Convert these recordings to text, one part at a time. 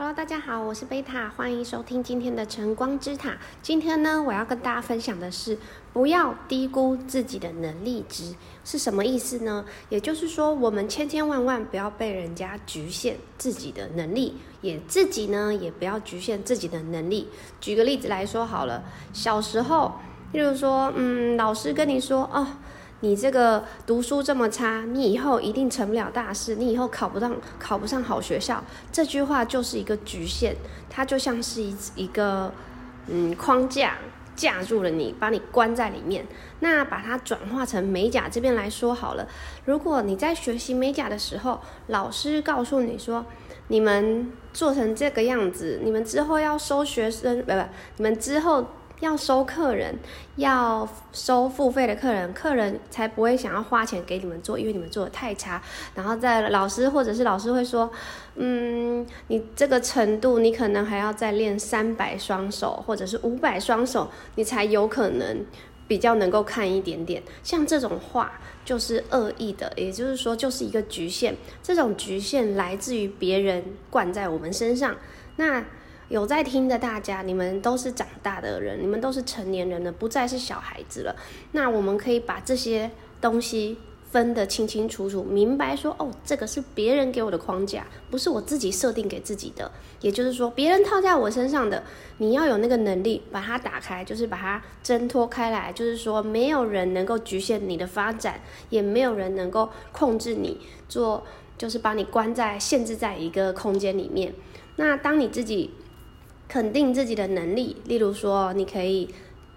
Hello，大家好，我是貝塔，歡迎收聽今天的晨光之塔。今天呢，我要跟大家分享的是，不要低估自己的能力值是什麼意思呢？也就是說，我們千千萬萬不要被人家侷限自己的能力，也自己呢也不要侷限自己的能力。舉個例子來說好了，小時候，例如說，嗯，老師跟你說，哦。你這個讀書這麼差，你以後一定成不了大事，你以後考不上考不上好學校，這句話就是一個局限，它就像是一一個嗯框架，架住了你，把你關在裡面。那把它轉化成美甲這邊來說好了，如果你在學習美甲的時候，老師告訴你說，你們做成這個樣子，你們之後要收學生，不不，你們之後。要收客人，要收付費的客人，客人才不會想要花錢給你們做，因為你們做的太差。然後在老師或者是老師會說，嗯，你這個程度，你可能還要再練三百雙手或者是五百雙手，你才有可能比較能夠看一點點。像這種話就是惡意的，也就是說就是一個侷限。這種侷限來自於別人灌在我們身上。那。有在聽的大家，你們都是長大的人，你們都是成年人了，不再是小孩子了。那我們可以把這些東西分得清清楚楚，明白說，哦，這個是別人給我的框架，不是我自己設定給自己的。也就是說，別人套在我身上的，你要有那個能力把它打開，就是把它掙脫開來。就是說，沒有人能夠局限你的發展，也沒有人能夠控制你做，就是把你關在限制在一個空間裡面。那當你自己。肯定自己的能力，例如說，你可以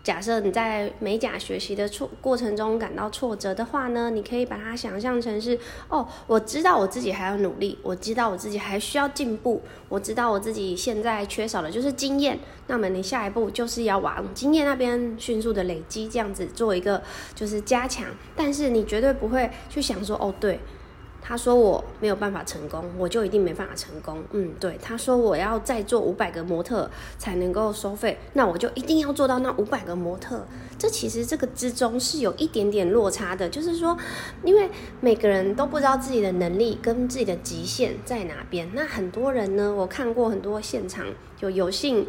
假設你在美甲學習的過程中感到挫折的話呢，你可以把它想象成是哦，我知道我自己還要努力，我知道我自己還需要進步，我知道我自己現在缺少的就是經驗。那麼你下一步就是要往經驗那邊迅速的累積，這樣子做一個就是加強。但是你絕對不會去想說哦，對。他說我沒有辦法成功，我就一定沒辦法成功。嗯，對，他說我要再做五百個模特才能夠收費，那我就一定要做到那五百個模特。這其實這個之中是有一點點落差的，就是說，因為每個人都不知道自己的能力跟自己的極限在哪邊。那很多人呢，我看過很多現場，就有幸。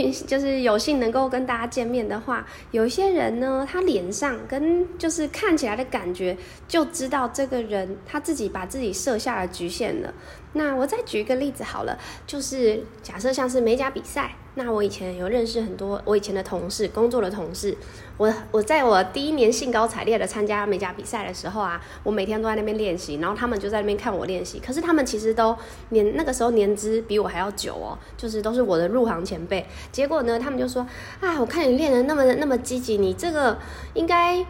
運就是有幸能夠跟大家見面的話，有一些人呢，他臉上跟就是看起來的感覺，就知道這個人他自己把自己設下了侷限了。那我再舉一個例子好了，就是假設像是美甲比賽，那我以前有認識很多我以前的同事，工作的同事，我我在我第一年興高采烈的參加美甲比賽的時候啊，我每天都在那邊練習，然後他們就在那邊看我練習，可是他們其實都年那個時候年資比我還要久哦，就是都是我的入行前輩，結果呢，他們就說啊，我看你練得那麼那麼積極，你這個應該。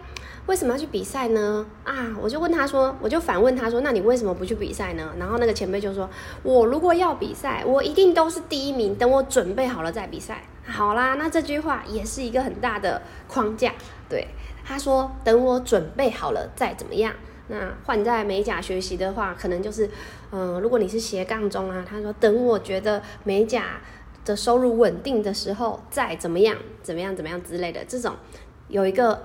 為什麼要去比賽呢？啊，我就問他說，我就反問他說，那你為什麼不去比賽呢？然後那個前輩就說，我如果要比賽，我一定都是第一名。等我準備好了再比賽。好啦，那這句話也是一個很大的框架。對，他說等我準備好了再怎麼樣。那換在美甲學習的話，可能就是，嗯、呃，如果你是斜槓中啊，他說等我覺得美甲的收入穩定的時候再怎麼樣，怎麼樣，怎麼樣之類的，這種有一個。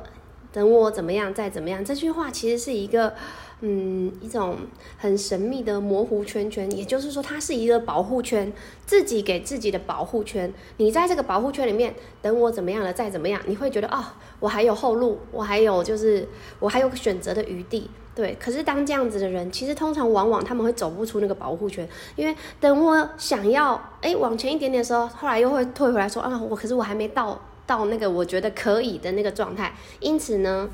等我怎麼樣，再怎麼樣，這句話其實是一個，嗯，一種很神秘的模糊圈圈，也就是說，它是一個保護圈，自己給自己的保護圈。你在這個保護圈裡面，等我怎麼樣了，再怎麼樣，你會覺得啊、哦，我還有後路，我還有就是我還有選擇的餘地，對。可是當這樣子的人，其實通常往往他們會走不出那個保護圈，因為等我想要哎往前一點點的時候，後來又會退回來說啊，我可是我還沒到。到那個我覺得可以的那個狀態，因此呢，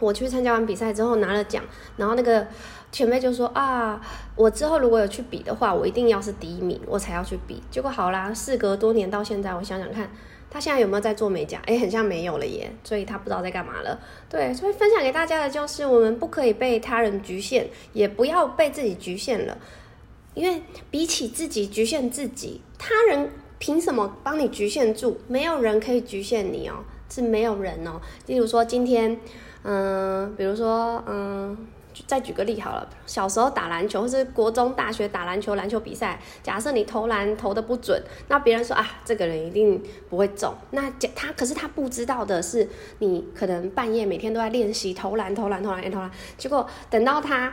我去參加完比賽之後拿了獎，然後那個前輩就說：“啊，我之後如果有去比的話，我一定要是第一名，我才要去比。”結果好啦，事隔多年到現在，我想想看，他現在有沒有在做美甲？哎，很像沒有了耶，所以他不知道在幹嘛了。對，所以分享給大家的就是，我們不可以被他人局限，也不要被自己局限了，因為比起自己局限自己，他人。憑什麼幫你侷限住？沒有人可以侷限你哦、喔，是沒有人哦、喔。例如說今天，嗯、呃，比如說，嗯、呃，就再舉個例好了。小時候打籃球，或是國中、大學打籃球，籃球比賽，假設你投籃投的不準，那別人說啊，這個人一定不會中。那他可是他不知道的是，你可能半夜每天都在練習投籃，投籃，投籃，投籃，投籃。結果等到他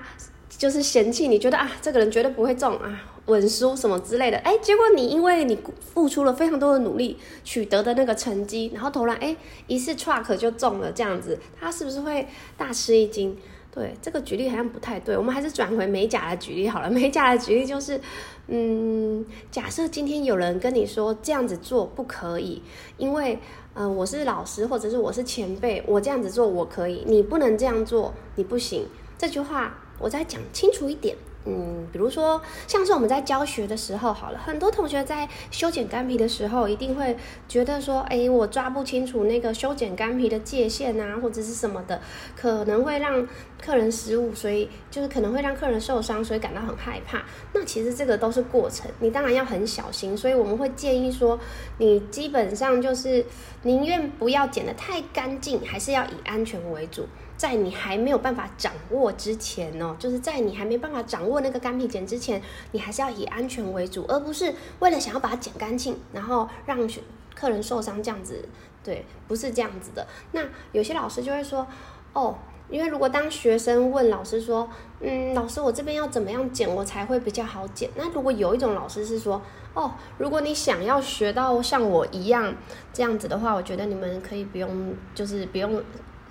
就是嫌棄你覺得啊，這個人絕對不會中啊。文書什麼之類的，哎、欸，結果你因為你付出了非常多的努力取得的那個成績，然後投籃，哎、欸，一次 truck 就中了，這樣子，他是不是會大吃一驚？對，這個舉例好像不太對，我們還是轉回美甲的舉例好了。美甲的舉例就是，嗯，假設今天有人跟你說這樣子做不可以，因為，嗯、呃，我是老師或者是我是前輩，我這樣子做我可以，你不能這樣做，你不行。這句話我再講清楚一點。嗯，比如說，像是我們在教學的時候，好了，很多同學在修剪乾皮的時候，一定會覺得說，哎，我抓不清楚那個修剪乾皮的界限啊，或者是什麼的，可能會讓客人失誤，所以就是可能會讓客人受傷，所以感到很害怕。那其實這個都是過程，你當然要很小心。所以我們會建議說，你基本上就是寧願不要剪得太乾淨，還是要以安全為主。在你還沒有辦法掌握之前呢，哦，就是在你還沒辦法掌握那個乾皮剪之前，你還是要以安全為主，而不是為了想要把它剪乾淨，然後讓學客人受傷這樣子，對，不是這樣子的。那有些老師就會說，哦，因為如果當學生問老師說，嗯，老師我這邊要怎麼樣剪，我才會比較好剪？那如果有一種老師是說，哦，如果你想要學到像我一樣這樣子的話，我覺得你們可以不用，就是不用。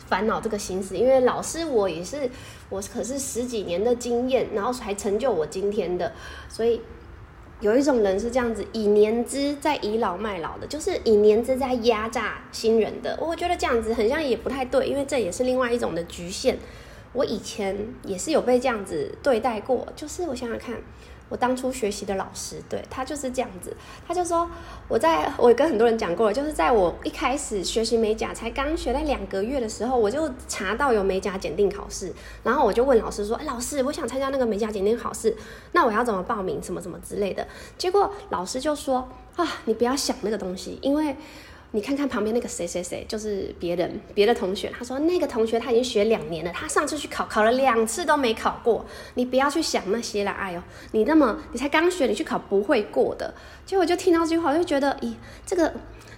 煩惱這個心思，因為老師我也是，我可是十幾年的經驗，然後才成就我今天的，所以有一種人是這樣子，以年資在倚老賣老的，就是以年資在壓榨新人的。我覺得這樣子好像也不太對，因為這也是另外一種的局限。我以前也是有被這樣子對待過，就是我想想看。我當初學習的老師，對，他就是這樣子，他就說，我在，我也跟很多人講過了，就是在我一開始學習美甲，才剛學那兩個月的時候，我就查到有美甲檢定考試，然後我就問老師說，欸，老師，我想參加那個美甲檢定考試，那我要怎麼報名，什麼什麼之類的，結果老師就說，啊，你不要想那個東西，因為。你看看旁邊那個誰誰誰，就是別人別的同學。他說那個同學他已經學兩年了，他上次去考，考了兩次都沒考過。你不要去想那些了，哎呦，你那麼你才剛學，你去考不會過的。結果就聽到這句話，我就覺得，咦、欸，這個。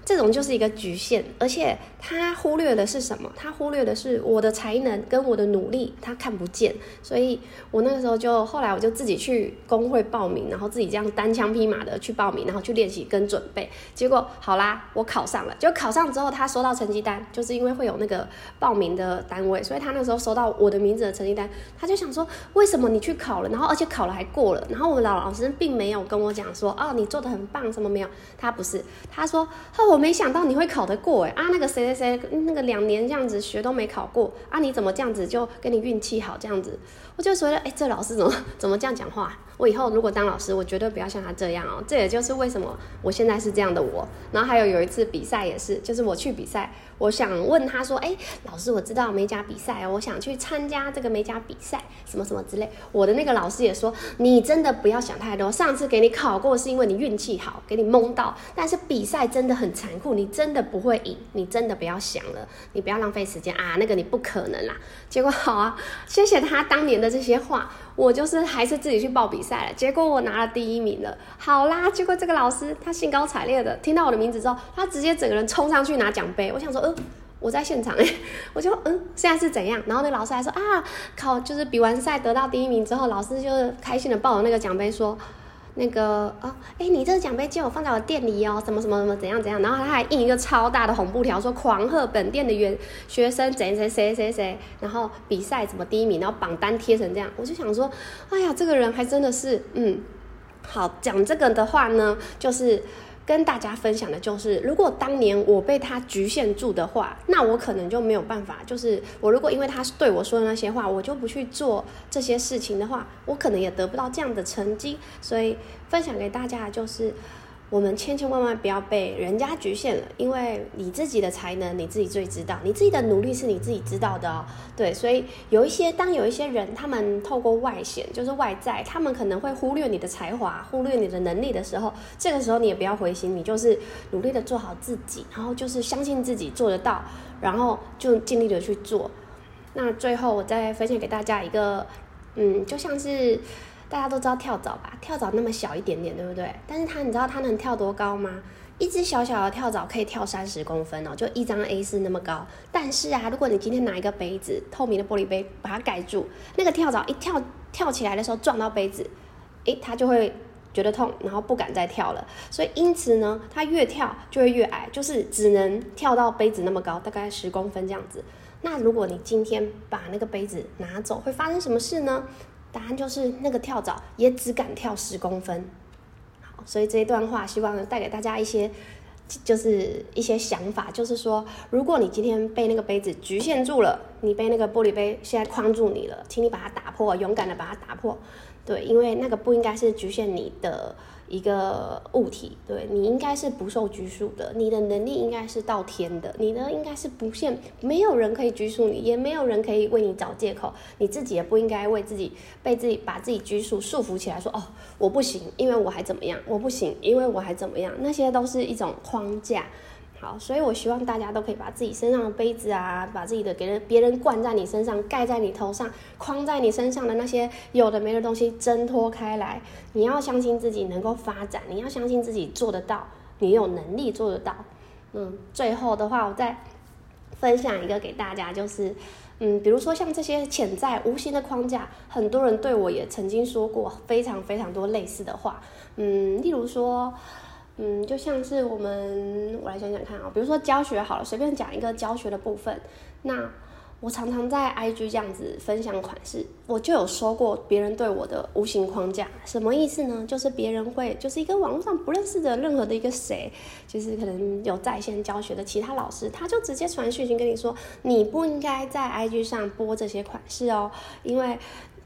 這種就是一個局限，而且他忽略的是什麼？他忽略的是我的才能跟我的努力，他看不見。所以我那個時候就後來我就自己去工會報名，然後自己這樣單槍匹馬的去報名，然後去練習跟準備。結果好啦，我考上了。就考上之後，他收到成績單，就是因為會有那個報名的單位，所以他那時候收到我的名字的成績單，他就想說：為什麼你去考了，然後而且考了還過了？然後我老老師並沒有跟我講說：哦，你做的很棒，什麼沒有？他不是，他說我沒想到你會考得過欸，啊，那個誰誰誰，那個兩年這樣子學都沒考過啊，你怎麼這樣子就跟你運氣好這樣子？我就覺得欸，這老師怎麼怎麼這樣講話？我以後如果當老師，我絕對不要像他這樣喔。這也就是為什麼我現在是這樣的我。然後還有有一次比賽也是，就是我去比賽。我想問他說：“哎，老師，我知道美甲比賽哦，我想去參加這個美甲比賽，什麼什麼之類。”我的那個老師也說：“你真的不要想太多，上次給你考過是因為你運氣好，給你蒙到，但是比賽真的很殘酷，你真的不會贏，你真的不要想了，你不要浪費時間啊，那個你不可能啦。”結果好啊，謝謝他當年的這些話。我就是還是自己去報比賽了，結果我拿了第一名了。好啦，結果這個老師他興高采烈的聽到我的名字之後，他直接整個人衝上去拿獎杯。我想說，嗯、呃，我在現場哎、欸，我就嗯、呃，現在是怎樣？然後那個老師還說啊，靠就是比完賽得到第一名之後，老師就開心的抱着那個獎杯說。那個啊，哎、哦欸，你這個獎杯借我放在我店裡哦，什麼什麼什麼怎樣怎樣，然後他還印一個超大的紅布條，說狂賀本店的原學生，怎誰誰誰誰誰，然後比賽怎麼第一名，然後榜單貼成這樣，我就想說，哎呀，這個人還真的是，嗯，好，講這個的話呢，就是。跟大家分享的就是，如果當年我被他侷限住的話，那我可能就沒有辦法。就是我如果因為他對我說的那些話，我就不去做這些事情的話，我可能也得不到這樣的成績。所以分享給大家的就是。我們千千萬萬不要被人家局限了，因為你自己的才能你自己最知道，你自己的努力是你自己知道的哦。對，所以有一些，當有一些人他們透過外顯，就是外在，他們可能會忽略你的才華，忽略你的能力的時候，這個時候你也不要灰心，你就是努力的做好自己，然後就是相信自己做得到，然後就盡力的去做。那最後我再分享給大家一個，嗯，就像是。大家都知道跳蚤吧？跳蚤那麼小一點點，對不對？但是它，你知道它能跳多高嗎？一隻小小的跳蚤可以跳三十公分哦、喔，就一張 A 四那麼高。但是啊，如果你今天拿一個杯子，透明的玻璃杯把它蓋住，那個跳蚤一跳跳起來的時候撞到杯子，誒、欸，它就會覺得痛，然後不敢再跳了。所以因此呢，它越跳就會越矮，就是只能跳到杯子那麼高，大概十公分這樣子。那如果你今天把那個杯子拿走，會發生什麼事呢？答案就是那個跳蚤也只敢跳十公分。好，所以這一段話希望能帶給大家一些，就是一些想法，就是說，如果你今天被那個杯子侷限住了，你被那個玻璃杯現在框住你了，請你把它打破，勇敢的把它打破。對，因為那個不應該是侷限你的。一個物體，對，你應該是不受拘束的，你的能力應該是到天的，你呢？應該是不限，沒有人可以拘束你，也沒有人可以為你找借口，你自己也不應該為自己被自己把自己拘束束縛起來說，說，哦我不行，因為我還怎麼樣，我不行，因為我還怎麼樣，那些都是一種框架。好，所以我希望大家都可以把自己身上的杯子啊，把自己的給人別人灌在你身上、蓋在你頭上、框在你身上的那些有的沒的東西掙脫開來。你要相信自己能夠發展，你要相信自己做得到，你有能力做得到。嗯，最後的話，我再分享一個給大家，就是嗯，比如說像這些潛在無形的框架，很多人對我也曾經說過非常非常多類似的話，嗯，例如說。嗯，就像是我們，我來想想看啊，比如說教學好了，隨便講一個教學的部分，那我常常在 IG 這樣子分享款式，我就有說過別人對我的無形框架，什麼意思呢？就是別人會就是一個網絡上不認識的任何的一個誰，就是可能有在線教學的其他老師，他就直接傳訊息跟你說，你不應該在 IG 上播這些款式哦，因為。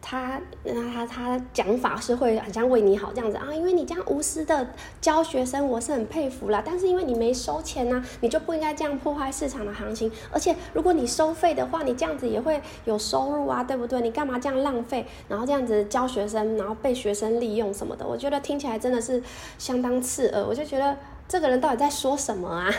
他那他他講法是會很像為你好這樣子啊，因為你這樣無私的教學生，我是很佩服啦。但是因為你沒收錢呢，你就不應該這樣破壞市場的行情。而且如果你收費的話，你這樣子也會有收入啊，對不對？你幹嘛這樣浪費？然後這樣子教學生，然後被學生利用什麼的，我覺得聽起來真的是相當刺耳。我就覺得這個人到底在說什麼啊？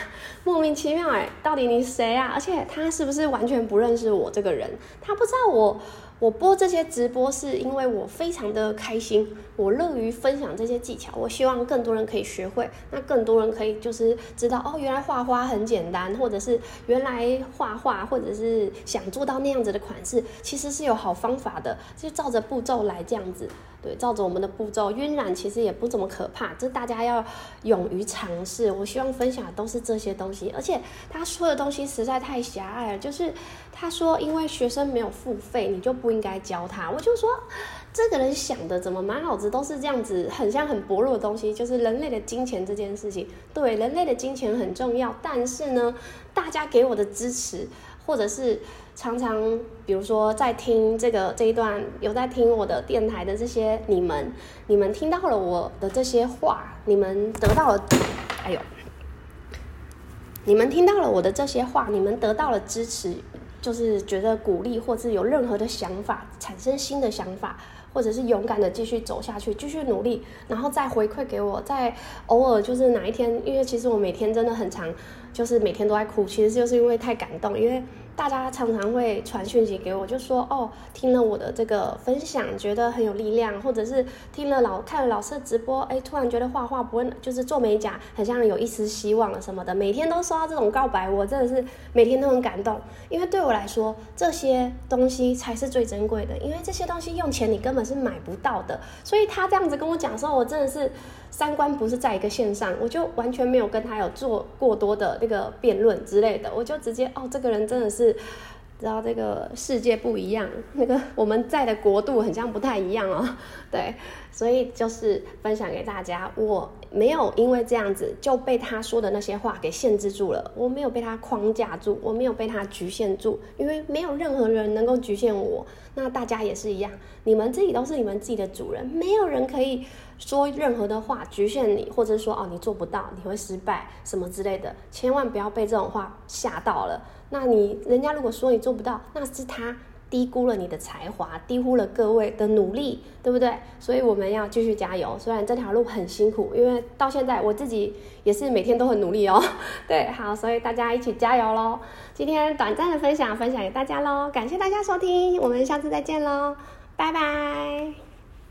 莫名其妙哎，到底你誰啊？而且他是不是完全不認識我這個人？他不知道我。我播這些直播是因為我非常的開心。我樂於分享這些技巧，我希望更多人可以學會。那更多人可以就是知道哦，原來畫花很簡單，或者是原來畫畫，或者是想做到那樣子的款式，其實是有好方法的，就照着步驟來這樣子。對，照着我們的步驟，暈染其實也不怎麼可怕。這、就是、大家要勇於嘗試。我希望分享的都是這些東西，而且他說的東西實在太狹隘了。就是他說，因為學生沒有付費，你就不應該教他。我就說。這個人想的怎麼滿腦子都是這樣子，很像很薄弱的東西，就是人類的金錢這件事情。對，人類的金錢很重要，但是呢，大家給我的支持，或者是常常比如說在聽這個這一段，有在聽我的電台的這些你們，你們聽到了我的這些話，你們得到了，哎呦，你們聽到了我的這些話，你們得到了支持，就是覺得鼓勵，或者是有任何的想法，產生新的想法。或者是勇敢的繼續走下去，繼續努力，然後再回饋給我。再偶爾就是哪一天，因為其實我每天真的很常，就是每天都在哭，其實就是因為太感動，因為。大家常常會傳訊息給我，就說哦，聽了我的這個分享，覺得很有力量，或者是聽了老看了老師的直播，哎，突然覺得畫畫不會，就是做美甲，很像有一絲希望了什麼的。每天都收到這種告白，我真的是每天都很感動。因為對我來說，這些東西才是最珍貴的，因為這些東西用錢你根本是買不到的。所以他這樣子跟我講說，我真的是三觀不是在一個線上，我就完全沒有跟他有做過多的那個辯論之類的，我就直接哦，這個人真的是。是，知道這個世界不一樣，那個我們在的國度很像不太一樣哦，對，所以就是分享給大家我。沒有，因為這樣子就被他說的那些話給限制住了，我沒有被他框架住，我沒有被他局限住，因為沒有任何人能夠局限我。那大家也是一樣，你們自己都是你們自己的主人，沒有人可以說任何的話局限你，或者說哦，你做不到，你會失敗什麼之類的，千萬不要被這種話嚇到了。那你，人家如果說你做不到，那是他，低估了你的才華，低估了各位的努力，對不對？所以我們要繼續加油。雖然這條路很辛苦，因為到現在我自己也是每天都很努力哦。對，好，所以大家一起加油嘍！今天短暫的分享，分享給大家嘍，感謝大家收聽，我們下次再見嘍，拜拜。